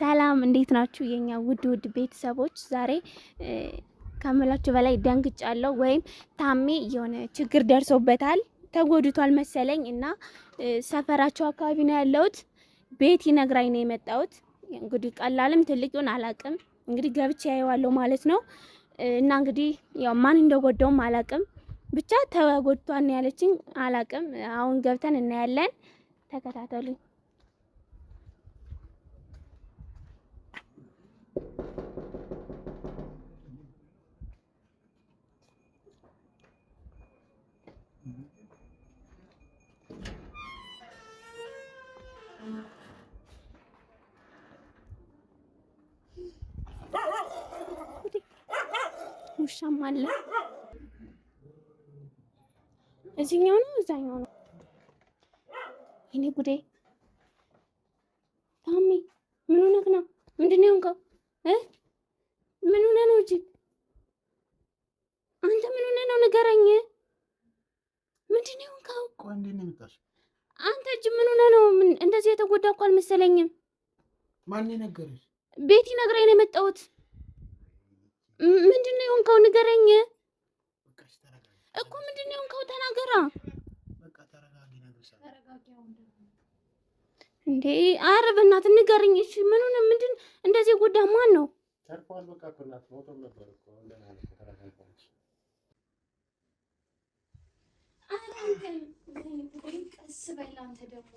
ሰላም እንዴት ናችሁ? የኛ ውድ ውድ ቤተሰቦች ዛሬ ከምላችሁ በላይ ደንግጫለሁ። ወይም ታሜ የሆነ ችግር ደርሶበታል ተጎድቷል መሰለኝ እና ሰፈራቸው አካባቢ ነው ያለሁት። ቤት ይነግራኝ ነው የመጣሁት። እንግዲህ ቀላልም ትልቅ ይሁን አላቅም። እንግዲህ ገብቼ ያየዋለሁ ማለት ነው እና እንግዲህ ያው ማን እንደጎዳውም አላቅም። ብቻ ተጎድቷን ያለችኝ አላቅም። አሁን ገብተን እናያለን። ተከታተሉኝ። ውሻም አለ። እዚህኛው ነው፣ እዛኛው ነው። ይኔ ጉዴ! ታሚ ምን ሆነህ ነው? ምንድን ነው የሆንከው? ምን ሆነህ ነው? እጅግ አንተ ምን ሆነህ ነው? ንገረኝ። ምንድን ነው የሆንከው? አንተ እጅ ምን ሆነህ ነው? እንደዚህ የተጎዳ እኮ አልመሰለኝም። ማን ነገረሽ? ቤቲ ነግራኝ ነው የመጣሁት። ምንድነው የሆንከው? ንገረኝ እኮ ምንድነው የሆንከው? ተናገራ እንዴ! ኧረ በእናትህ ንገረኝ። እሺ ምኑን ምንድን እንደዚህ ጎዳ? ማን ነው ቀስ በል አንተ ደግሞ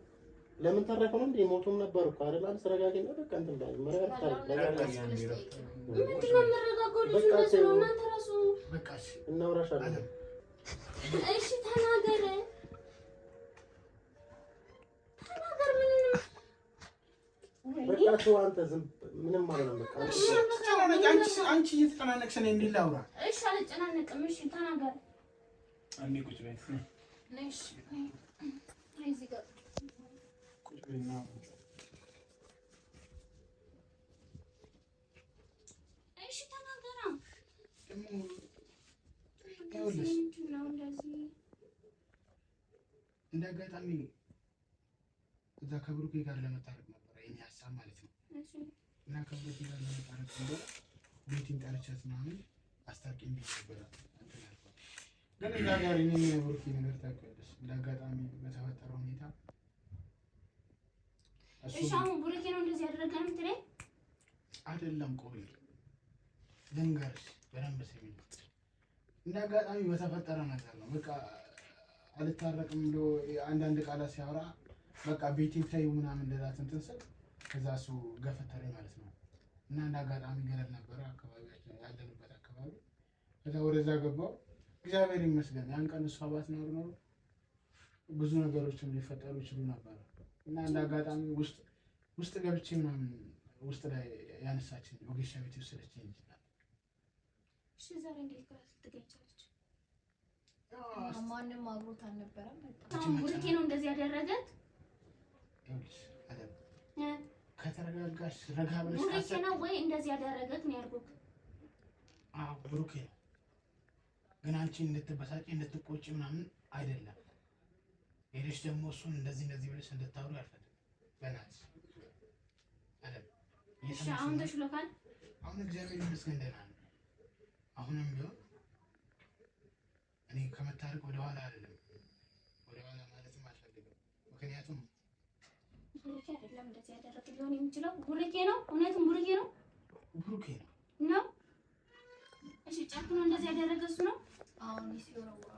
ለምን ተረፈ ነው እንዴ? ሞቶም ነበር እኮ አይደል? አንተ ተረጋግኝ ነው በቃ እንትን ባይ መረጋጋት አለ። እናውራሻለን። እሺ ተናገረ ተናገር። ምንም በቃ ተው አንተ ዝም ምንም ማለት ነው። በቃ እሺ፣ አንቺ አንቺ እየተጨናነቅሽ ነው እንዴ? ላውራ። እሺ አልጨናነቅም። እሺ ተናገር። አንዴ ቁጭ በይ። እሺ እዚህ ጋር እንደ አጋጣሚ እዛ ከብሩኬ ጋር ለመታረቅ ነበረ የእኔ ሀሳብ ማለት ነው። እና ከብሩኬ ጋር ለመታረቅ ነበረ ቤቴን ጠርቻት ምናምን አስታርቂኝ ብዬሽ ግን እዛ ጋር እኔ ብሩኬ ነገር ታውቂያለሽ፣ እንደ አጋጣሚ በተፈጠረው ሁኔታ እሺ ቡሩኬ ነው እንደዚህ ያደረገ ነው የምትለኝ? አይደለም። ቆይ ልንገርሽ በደንብ ስሚኝ። እንደ አጋጣሚ በተፈጠረ ነገር ነው። በቃ አልታረቅም ብሎ አንዳንድ ቃላት ሲያወራ በቃ ቤቴ ተይው ምናምን እንደላት እንትን ስል ከዛ እሱ ገፈተረኝ ማለት ነው። እና እንደ አጋጣሚ ነበረ አካባቢያችን ያለንበት አካባቢ። ከዛ ወደዛ ገባው። እግዚአብሔር ይመስገን ያን ቀን እሷ ባትኖር ኖሮ ብዙ ነገሮች ሊፈጠሩ ይችሉ ነበር። እና እንደ አጋጣሚ ውስጥ ውስጥ ገብቼ ምናምን ውስጥ ላይ ያነሳችን ወጌሻ ቤት የወሰደችኝ ልጅ እሺ ዛሬ እንዴት ማንም አብሮት አልነበረም። ነው እንደዚህ ያደረገት። ከተረጋጋሽ ረጋ ብለሽ ነው ወይ እንደዚህ ያደረገት ነው ያልኩት። ብሩኬ ግን አንቺ እንድትበሳጭ እንድትቆጭ ምናምን አይደለም ሌሎች ደግሞ እሱን እንደዚህ እንደዚህ ብለሽ እንድታውሩ አልፈልግም። በእናትሽ አለም አሁን ተሽሎታል። አሁን እግዚአብሔር ይመስገን ደህና ነው። አሁንም ቢሆን እኔ ከመታረቅ ወደኋላ አይደለም፣ ወደኋላ ማለትም አልፈልግም። ምክንያቱም ብሩኬ አይደለም እንደዚህ ያደረግ ሊሆን የሚችለው ብሩኬ ነው። እውነትም ብሩኬ ነው፣ ብሩኬ ነው ነው። እሺ ጨርቅ እንደዚህ ያደረገ እሱ ነው። አሁን ሲወረወራቸው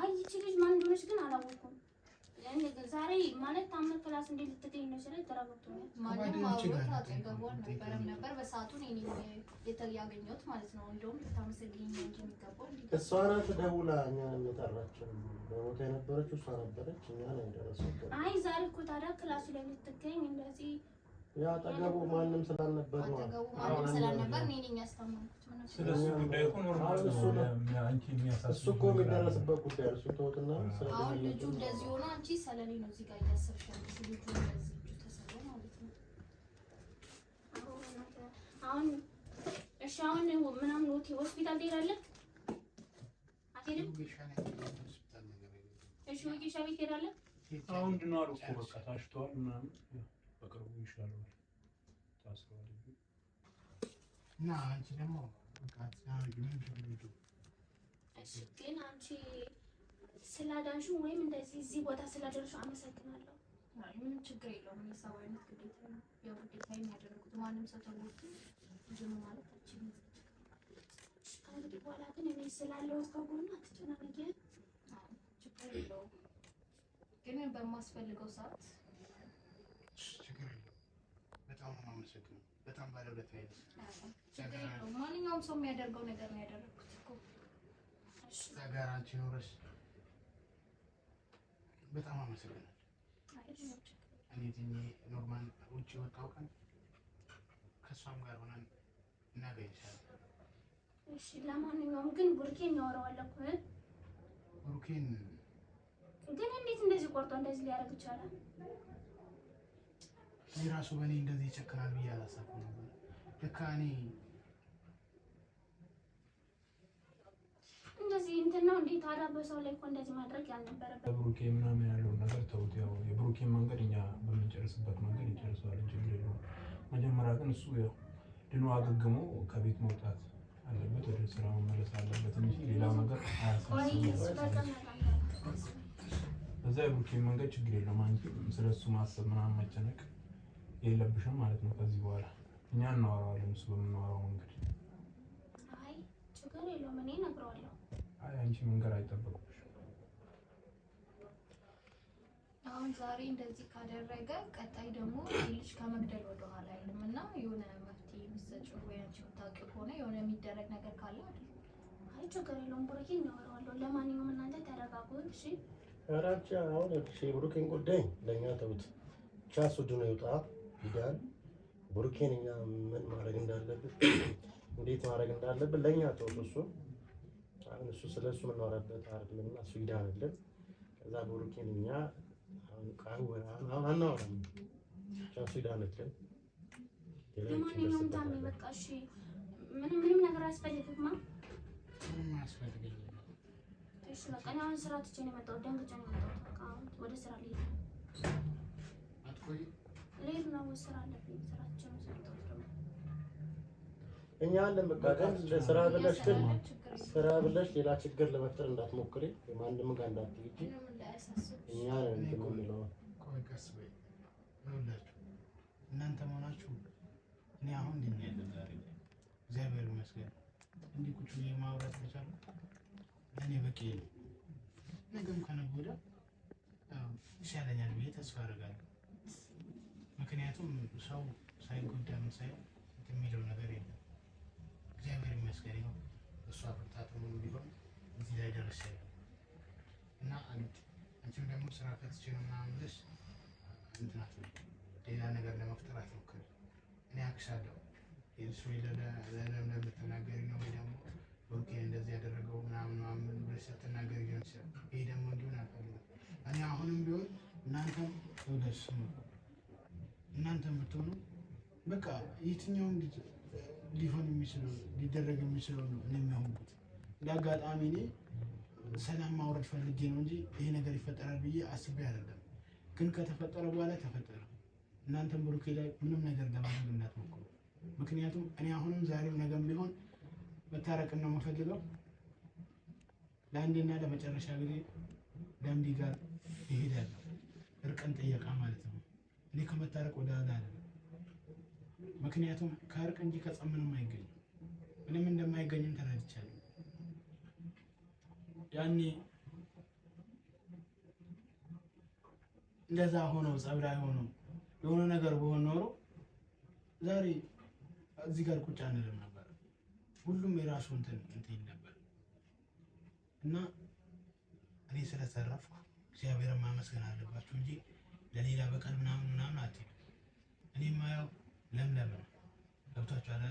አይ ይቺ ልጅ ማን እንደሆነች ግን አላወኩም። ዛሬ ማለት ታመህ ክላስ እንዴት ልትገኝ ነው ስለ ተረጋግቶኛል። ማንም አውሮት ነበር ማለት ነው። እንደውም ልታመሰግኝ ነው እንጂ የሚገባው እሷ ናት። ደውላ እኛን የጠራችን በቦታ የነበረችው እሷ ነበረች። እኛን አይ ዛሬ እኮ ታዲያ ላይ ልትገኝ እንደዚህ ያጠገቡ ማንም ስላልነበር ነው። አጠገቡ ማንም ስላልነበር እኔ ስለዚህ ጉዳይ የሚደረስበት ጉዳይ እሱ ተውትና፣ አሁን ልጁ እንደዚህ ሆኖ አንቺ ሰለሌ ነው እዚህ ጋር እያሰብሽ ያለሽ። ልጁ እንደዚህ እጁ ማለት ነው። አሁን እሺ፣ አሁን ምናምን ሆስፒታል ትሄዳለህ አትሄድም? እሺ፣ ወጌሻ ቤት ትሄዳለህ። አሁን ድኗል እኮ በቃ ታሽቷል ምናምን በቅርቡ ይሻሉ ታስረዋል እና አንቺ ደግሞ ግን አንቺ ስላዳንሹ ወይም እንደዚህ እዚህ ቦታ ስላደረሹ አመሰግናለሁ። ምንም ችግር የለውም። የሰው አይነት ግዴታ ያው ግዴታ የሚያደርጉት ማንም ሰው ተጎድቶ ጅም ማለት አችልም። ከእንግዲህ በኋላ ግን እኔ ስላለው ከጎኑ አትጨናነቂ፣ ችግር የለውም። ግን በማስፈልገው ሰዓት በጣም ነው የማመሰግነው። በጣም ባለ ሁለት ማንኛውም ሰው የሚያደርገው ነገር ነው ያደረኩት እኮ ጋር አንቺ በጣም አመሰግናለሁ። እኔ ትኜ ኖርማል ውጭ ወጣሁ ቀን ከእሷም ጋር ሆነን እናገኝሻለን። እሺ፣ ለማንኛውም ግን ቡርኬን ያወራዋለሁ እኮ ቡርኬን ግን እንዴት እንደዚህ ቆርጦ እንደዚህ ሊያደርግ ይቻላል? እኔ ራሱ በእኔ እንደዚህ ይቸክራል ብዬ አላሰብኩም ነበር። ልካ እኔ እንደዚህ እንትን ነው እንዴ ታዲያ፣ በሰው ላይ እኮ እንደዚህ ማድረግ ያልነበረበት። ብሩኬ ምናምን ያለውን ነገር ተውት። ያው የብሩኬን መንገድ እኛ በምንጨርስበት መንገድ ይጨርሰዋል፣ ችግር የለውም። መጀመሪያ ግን እሱ ያው ድኖ አገግሞ ከቤት መውጣት አለበት፣ ወደ ስራ መመለስ አለበት እንጂ ነገር አያሳስብም። የብሩኬን መንገድ ችግር የለውም አንቺ ማሰብ ምናምን መጨነቅ የለብሽም ማለት ነው። ከዚህ በኋላ እኛ እናወራዋለን። እሱ በምናወራው መንገድ አይ ችግር የለውም እኔ እነግረዋለሁ። አይ አንቺ መንገር አይጠበቅብሽ። አሁን ዛሬ እንደዚህ ካደረገ ቀጣይ ደግሞ ልጅ ከመግደል ወደኋላ አይልም እና የሆነ መፍትሄ የምትሰጪው ወይ አንቺ የምታውቂው ከሆነ የሆነ የሚደረግ ነገር ካለ አይ ችግር የለውም ብሩኬ፣ እናወራዋለሁ። ለማንኛውም እናንተ ተረጋጉ እሺ። ኧረ አንቺ አሁን ብሩኬን ጉዳይ ለእኛ ተውት። ቻሱ ድኖ ይውጣ ሂዳን ቡርኬን እኛ ምን ማድረግ እንዳለብን እንዴት ማድረግ እንዳለብን ለእኛ ተውት። እሱ አሁን እሱ ስለ እሱ የምናወራበት አይደለም እና እሱ ሂዳን ከዛ ቡርኬን እኛ አናወራም ብቻ እሱ ሂዳን ለማንኛውም ታሜ በቃ እሺ፣ ምንም ምንም ነገር አያስፈልግማ። ምንም አያስፈልግም። እሺ በቃ እኔ አሁን ስራ ትቼ ነው የመጣሁት። ደንግጬ ነው የመጣሁት። በቃ አሁን ወደ ስራ ልሄድ ነው። አትቆይም ሌት እኛ አለን በቃ ስራ ብለሽ ግን ስራ ብለሽ ሌላ ችግር ለመፍጠር እንዳትሞክሪ፣ ማንም ጋር እንዳትሄጂ። እኛ ነን እንትን የምንለው እናንተ መሆናችሁ እኔ አሁን ግን ያለው ዛሬ እግዚአብሔር ይመስገን እንዲህ ቁጭ ብዬ ማውራት ለእኔ በቂ ነው። ነገም ከነገ ወዲያ ይሻለኛል ብዬ ተስፋ አደርጋለሁ። ምክንያቱም ሰው ሳይጎዳ ምን ሳይሆን የሚለው ነገር የለም። እግዚአብሔር ይመስገን ነው እሷ ብርታት ሆኖ ቢሆን እዚህ ላይ ደረሰ እና አንድ አንቺም ደግሞ ስራ ፈትቼ ነው ምናምን ብለሽ እንትናት ሌላ ነገር ለመፍጠር አትሞክሪ። እኔ አክሳለሁ የሱ ለለም ለምትናገሪ ነው ወይ ደግሞ ወርቄን እንደዚህ ያደረገው ምናምን ምናምን ብለሽ ስትናገሪ ሊሆን ይችላል። ይሄ ደግሞ እንዲሆን አልፈልግም። እኔ አሁንም ቢሆን እናንተም ወደ እሱ ነው እናንተም ብትሆኑ በቃ የትኛውም ሊሆን የሚችለው ሊደረግ የሚችለው ነው እኔ የሚሆኑት። እንደ አጋጣሚ እኔ ሰላም ማውረድ ፈልጌ ነው እንጂ ይሄ ነገር ይፈጠራል ብዬ አስቤ አይደለም። ግን ከተፈጠረ በኋላ ተፈጠረ። እናንተም ብሩኬ ላይ ምንም ነገር ለማድረግ እንዳትሞክሩ። ምክንያቱም እኔ አሁንም ዛሬም ነገም ቢሆን መታረቅን ነው የምፈልገው። ለአንዴና ለመጨረሻ ጊዜ ደምቢ ጋር ይሄዳል እርቅን ጥየቃ ማለት ነው። እኔ ከመታረቅ ወደ አለ ምክንያቱም ከእርቅ እንጂ ከጸብ ምንም አይገኝም። ምንም እንደማይገኝም ተረድቻለሁ። ያኔ እንደዛ ሆነው ጸብ ላይ ሆነው የሆነ ነገር በሆን ኖሮ ዛሬ እዚህ ጋር ቁጭ አንልም ነበር። ሁሉም የራሱ እንትን እንትን ነበር እና እኔ ስለተረፍኩ እግዚአብሔርን ማመስገን አለባችሁ እንጂ ለሌላ በቀን ምናምን ምናምን አትሄዱ። እኔ የማየው ለምለም ነው። ገብቷችሁ አለ።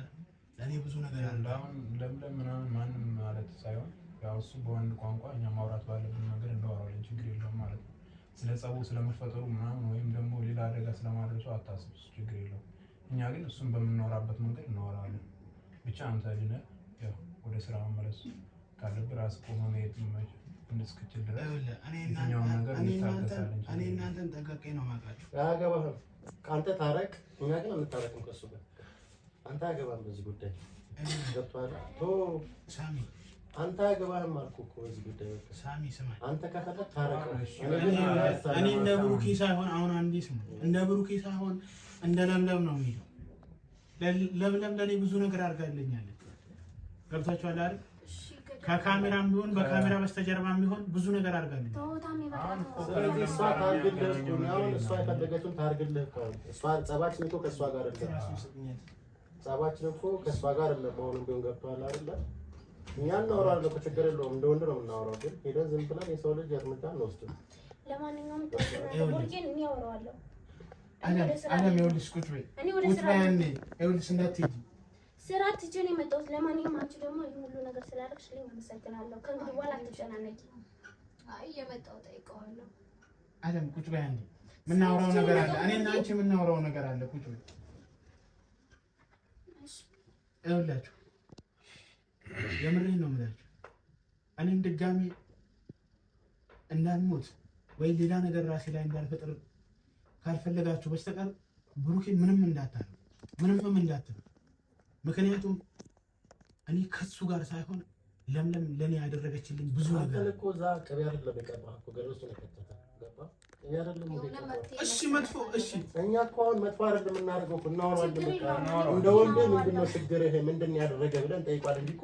ለእኔ ብዙ ነገር አለ። አሁን ለምለም ምናምን ማንም ማለት ሳይሆን ያው እሱ በወንድ ቋንቋ እኛ ማውራት ባለብን ነገር እናወራለን። ችግር የለውም ማለት ነው። ስለ ጸቡ ስለመፈጠሩ ምናምን ወይም ደግሞ ሌላ አደጋ ስለማድረሱ አታስብ። እሱ ችግር የለውም። እኛ ግን እሱን በምናወራበት መንገድ እናወራለን። ብቻ አንተ ድነህ ያው ወደ ስራ መመለስ ካለብህ ራስህ ቆመህ መሄድ እስክችል ድረስ እናንተን ጠንቀቄ ነው የማውቃችሁ። አያገባህም። ከአንተ ታረቅ። እኛ ግን ከሱ ጋር አንተ አያገባህም። በዚህ ጉዳይ ገብቶሃል። ሳሚ አንተ አያገባህም አልኩህ እኮ በዚህ ጉዳይ ሳሚ ስማኝ። አንተ ታረቅ። እኔ እንደ ብሩኬ ሳይሆን አሁን አንዴ እንደ ብሩኬ ሳይሆን እንደ ለምለም ነው የሚለው። ለምለም ለእኔ ብዙ ነገር አድርጋልኛለች። ገብታችኋል አይደል? ከካሜራም ቢሆን በካሜራ በስተጀርባ ቢሆን ብዙ ነገር አድርጋለች። ስለዚህ እሷ ታርግልህ ነው። ታርግልህ ጸባችን እኮ ከእሷ ጋር አይደለም። ጸባችን ጋር አይደለም። ቢሆን ገብቶሃል አይደለ? እኛ እናወራለን እኮ ችግር የለውም። እንደ ነው የምናወራው፣ ግን ሄደን ዝም ብለን የሰው ልጅ እርምጃ እንወስድም። ለማንኛውም ቡርጌን እኔ አወራዋለሁ። አለም ይኸውልሽ፣ ቁጭ በይ ቁጭ በይ ይኸውልሽ እንዳትሄጂ ስራ ትቼ ነው የመጣሁት። ለማንኛውም አንቺ ደግሞ ይሄ ሁሉ ነገር ስላደረግሽልኝ አመሰግናለሁ። ከእንግዲህ በኋላ አትጨናነቂ። አይ እየመጣሁ ጠይቀዋለሁ። አለም ቁጭ በይ አንዴ። የምናወራው ነገር አለ። እኔ እና አንቺ የምናወራው ነገር አለ። ቁጭ በይ። ይኸውላችሁ የምሬን ነው የምላችሁ። እኔም ድጋሚ እንዳልሞት ወይ ሌላ ነገር ራሴ ላይ እንዳልፈጥር ካልፈለጋችሁ በስተቀር ብሩኬ ምንም እንዳታ ምንምም እንዳትል ምክንያቱም እኔ ከሱ ጋር ሳይሆን ለምለም ለእኔ ያደረገችልኝ ብዙ ነገር እሺ፣ መጥፎ እሺ፣ እኛ እኮ አሁን መጥፎ አይደለም የምናደርገው፣ እናወራለን። እንደ ወንድ ምንድን ነው ችግርህ? ምንድን ያደረገ ብለን ጠይቋል። እንዲህ እኮ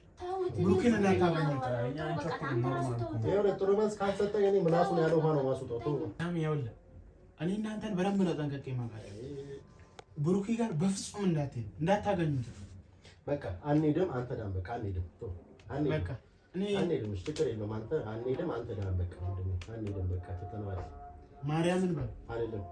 ብሩኬን እንዳታገኘው ጥሩ መልስ ካልሰጠኝ እኔ ምላሱን ያለ ውሃ ነው ማስወጣው። እኔ እናንተን በደንብ ነው ጠንቀቄ የማውቃቸው። ብሩኬ ጋር በፍጹም እንዳትሄዱ እንዳታገኙት። በቃ አንሄድም። አንተ ዳም በቃ አንሄድም። በቃ እኔ አንሄድም። እሺ ችግር የለውም። አንተ አንሄድም። አንተ ዳም በቃ አንሄድም። በቃ ተተናዋል ማርያምን በቃ አይደለም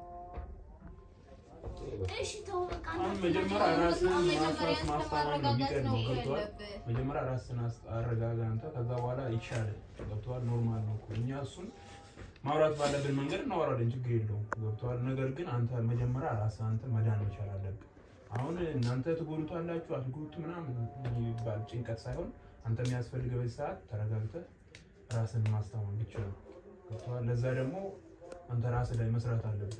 መጀመሪያ ራስን አረጋጋ አንተ። ከዛ በኋላ ይቻላል። ገብቶሃል? ኖርማል ነው እኮ እኛ እሱን ማውራት ባለብን መንገድ እናወራለን። ችግር የለውም። ገብቶሃል? ነገር ግን አንተ መጀመሪያ ራስህ አንተ መዳን መቻል አለብህ። አሁን እናንተ ትጎዱታላችሁ አትጎዱት ምናምን የሚባል ጭንቀት ሳይሆን አንተ የሚያስፈልገው በዚህ ሰዓት ተረጋግተህ ራስን ማስታመን ብቻ ነው። ገብቶሃል? ለዛ ደግሞ አንተ ራስህ ላይ መስራት አለብህ።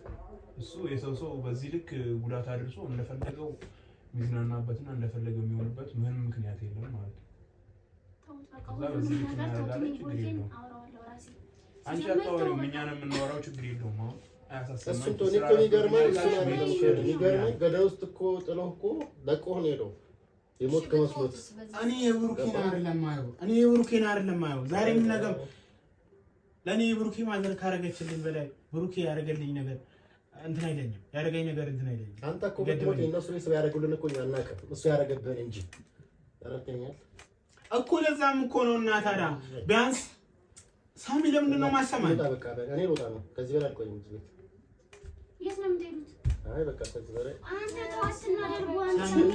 እሱ የሰው ሰው በዚህ ልክ ጉዳት አድርሶ እንደፈለገው የሚዝናናበትና እንደፈለገው የሚሆንበት ምንም ምክንያት የለም ማለት ነው። አንቺ አታወሪውም፣ እኛ ነው የምናወራው፣ ችግር የለውም። አሁን እሱ እኮ እኔ እኮ የሚገርመኝ የሚገርመኝ ውስጥ እኮ ጥለው እኮ ነው የሄደው የሞት ከመስሎት እኔ የብሩኬን አይደለም አየው እኔ የብሩኬን አይደለም አየው ዛሬም ነገም ለእኔ የብሩኬ ማዘር ካረገችልኝ በላይ ብሩኬ ያደረገልኝ ነገር እንትን አይለኝም። ያደረገኝ ነገር እንትን አይለኝም። አንተ እኮ ብትሞት እነሱ ላይ ሰው ያደረጉልን እኮ እኛ እናውቅም። እሱ ያደረገብህን እንጂ ያረተኛል እኮ ለዛም እኮ ነው። እና ታዲያ ቢያንስ ሳሚ ለምንድን ነው ማሰማኝ? በቃ በቃ እኔ ልወጣ ነው። ከዚህ በላይ አልቆይም። እዚህ ቤት የት ነው የምትሄዱት? አይ በቃ ከዚህ በላይ አንተ ተዋስና ደርጓን ሳሚ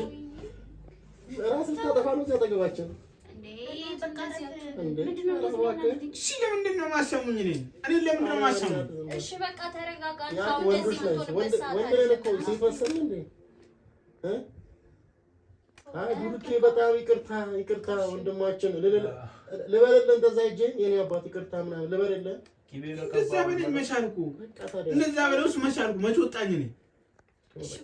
ራስህ ታጠፋ ነው ያጠገባችን ለምንድን ነው በጣም ይቅርታ ይቅርታ፣ ወንድማችን ልበለለ እንደዛ እጄ የኔ አባት ይቅርታ ምናምን ልበለለ እንደዛ በለው መቻልኩ እንደዛ በለውስ መቻልኩ መች ወጣኝ እኔ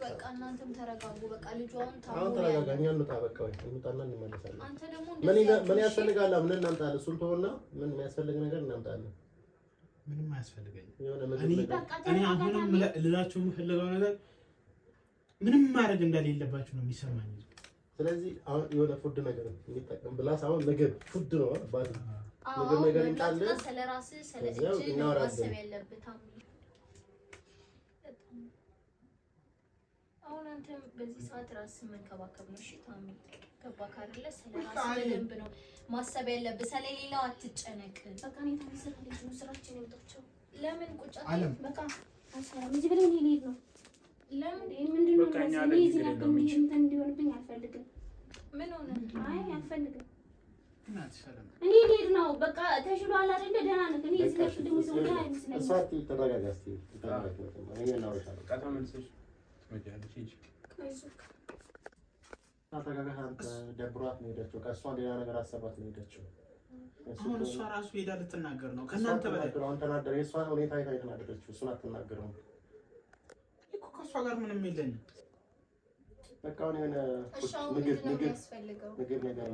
በቃ እናንተም ተረጋጉ። በቃ ልጁ አሁን ታሞ አሁን ተረጋጋ። እኛ ምን ያስፈልጋል? ምን እናምጣለን? እሱን ተወና ምን የሚያስፈልግ ነገር እናምጣለን። ምንም አያስፈልገኝም። አሁንም ልላችሁ የምፈልገው ነገር ምንም ማድረግ እንደሌለባችሁ ነው የሚሰማኝ። ስለዚህ አሁን የሆነ ፉድ ነገር እንጠቀም ብላስ አሁን ምግብ ፉድ ነው ምግብ ነገር እንጣለን። ስለራስህ ስለዚህ እናወራለን። አሁን አንተ በዚህ ሰዓት ራስን መንከባከብ ነው። እሺ ታሚ ገባህ አይደለ? ስለ ራስህ በደንብ ነው ማሰብ ያለብህ። ስለሌላው አትጨነቅ። በቃ ነው ተምሰል ልጅ ስራችን ይወጣቸው። ለምን ቁጭ በቃ አሰራም እዚህ ብለህ ልሄድ ነው። ለምን ምንድን ነው እንዲሆንብኝ አልፈልግም። ምን ሆነ? አይ አልፈልግም። እኔ ልሄድ ነው በቃ ተሽሏል አይደለ? ደህና ነህ? እኔ እዚህ ጋር ቅድም ይዘው አይመስለኝም። ደብሯት ነው የሄደችው። ከእሷ ሌላ ነገር አሰባት ነው የሄደችው። አሁን እሷ ራሱ ሄዳ ልትናገር ነው። ከእናንተ በላይ ተናደረ። የእሷ ሁኔታ ሄዳ የተናደደችው እሱን አትናገረውም እኮ ከእሷ ጋር ምንም የለንም። በቃ አሁን የሆነ ምግብ ምግብ ነገር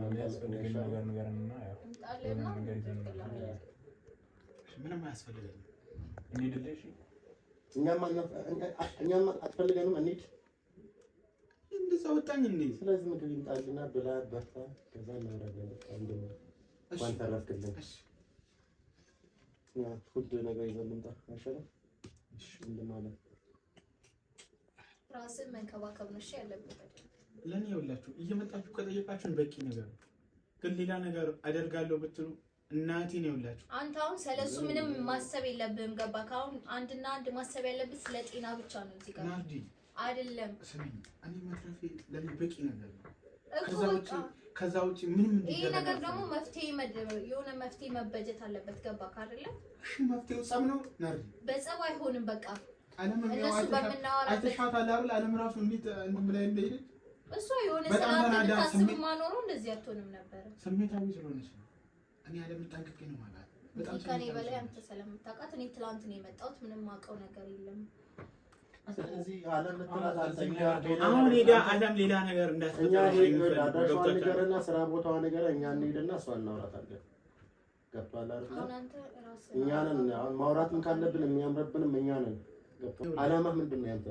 ምንም አያስፈልገንም። እኛም አትፈልገንም እንሂድ። እንደዛ ወጣኝ እንዴ? ስለዚህ ምግብ ይምጣልና ብላ በርታ። ከዛ እናደርጋለን። እንኳን ተረፍክልን። ፉድ ነገር ይዘን ልምጣ አይሻልም? ምንድን ነው አለ ራስን መንከባከብ ነው ያለብህ። ለእኔ ይኸውላችሁ እየመጣችሁ ከጠየቃችሁን በቂ ነገር ግን ሌላ ነገር አደርጋለሁ ብትሉ እናቴን ይኸውላችሁ፣ አንተ አሁን ስለሱ ምንም ማሰብ የለብህም። ገባ ካሁን አንድና አንድ ማሰብ ያለብህ ስለ ጤና ብቻ ነው። እዚህ ጋር ናርዲ አይደለም። ስሚኝ፣ እኔ መትረፌ ለኔ በቂ ነገር ነው። ከዛ ውጪ ከዛ ውጪ ምንም ይሄ ነገር ደግሞ መፍትሄ የሆነ መፍትሄ መበጀት አለበት። ገባ ካደለ? እሺ፣ መፍትሄው ጸብ ነው ናርዲ። በጸብ አይሆንም። በቃ አለም ነው አይተሻታል አይደል? አለም ራሱ እንዴት እንዴት ላይ እንደሄደ እሷ የሆነ ሰላም ታስብ ማኖሩ እንደዚህ አትሆንም ነበር። ስሜታዊ ስለሆነች ነው እኔ ያለምታንክት ነው ማለት በጣም ከኔ በላይ አንተ ስለምታውቃት እኔ ትላንት ነው የመጣሁት። ምንም አውቀው ነገር የለም። አሁን ሄዳ አለም ሌላ ነገር እንዳትፈጠር ስራ ቦታዋ ነገር እኛ እንሄድና እሷ እናውራታለን። ማውራትም ካለብን የሚያምረብንም እኛ ነን። ምንድን ነው ያንተ?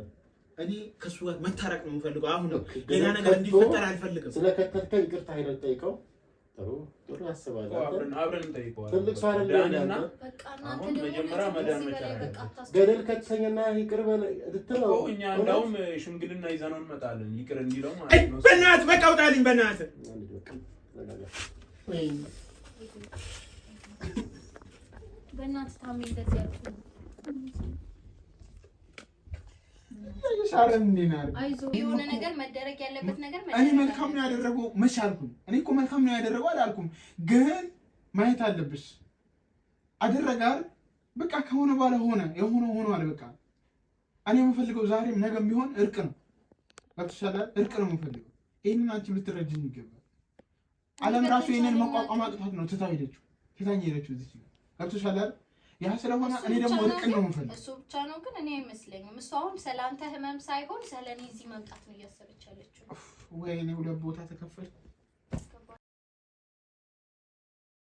እኔ ከእሱ ጋር መታረቅ ነው የምፈልገው። አሁን ሌላ ነገር እንዲፈጠር አልፈልግም። ይቅርታ ጠይቀው ጥሩ ጥሩ አስባለሁ። አብረን እንጠይቀዋለን። ትልቅ ገደል ከተሰኘና ይቅር ልትለው እኛ እንዳውም ሽምግልና ይዘነው እንመጣለን። ይቅር እንዲለው በእናትህ በቃ ውጣልኝ፣ በእናትህ የሆነ ነገር መደረግ ያለበት ነገር እኔ መልካም ነው ያደረገው መቼ አልኩኝ። እኔ እኮ መልካም ነው ያደረገው አላልኩም፣ ግን ማየት አለብሽ አደረገ በቃ ከሆነ በኋላ ሆነ የሆነ ሆኗል። በቃ እኔ የምፈልገው ዛሬም ነገም ቢሆን እርቅ ነው። ገብቶሻል? እርቅ ነው የምፈልገው። ይህንን አንቺ ልትረጅኝ ይገባል። አለም ራሱ ይህንን መቋቋም አቅቷት ነው ትታ ሄደችው፣ ትታኝ ሄደችው። እዚህ ገብቶሻል? ያ ስለሆነ እኔ ደግሞ እርቅ ነው የምፈልግ። እሱ ብቻ ነው ግን እኔ አይመስለኝም። እሱ አሁን ስለ ህመም ሳይሆን ስለ እዚህ መምጣት ነው እያሰበች ያለችው። ወይኔ ሁለት ቦታ ተከፈልኩ።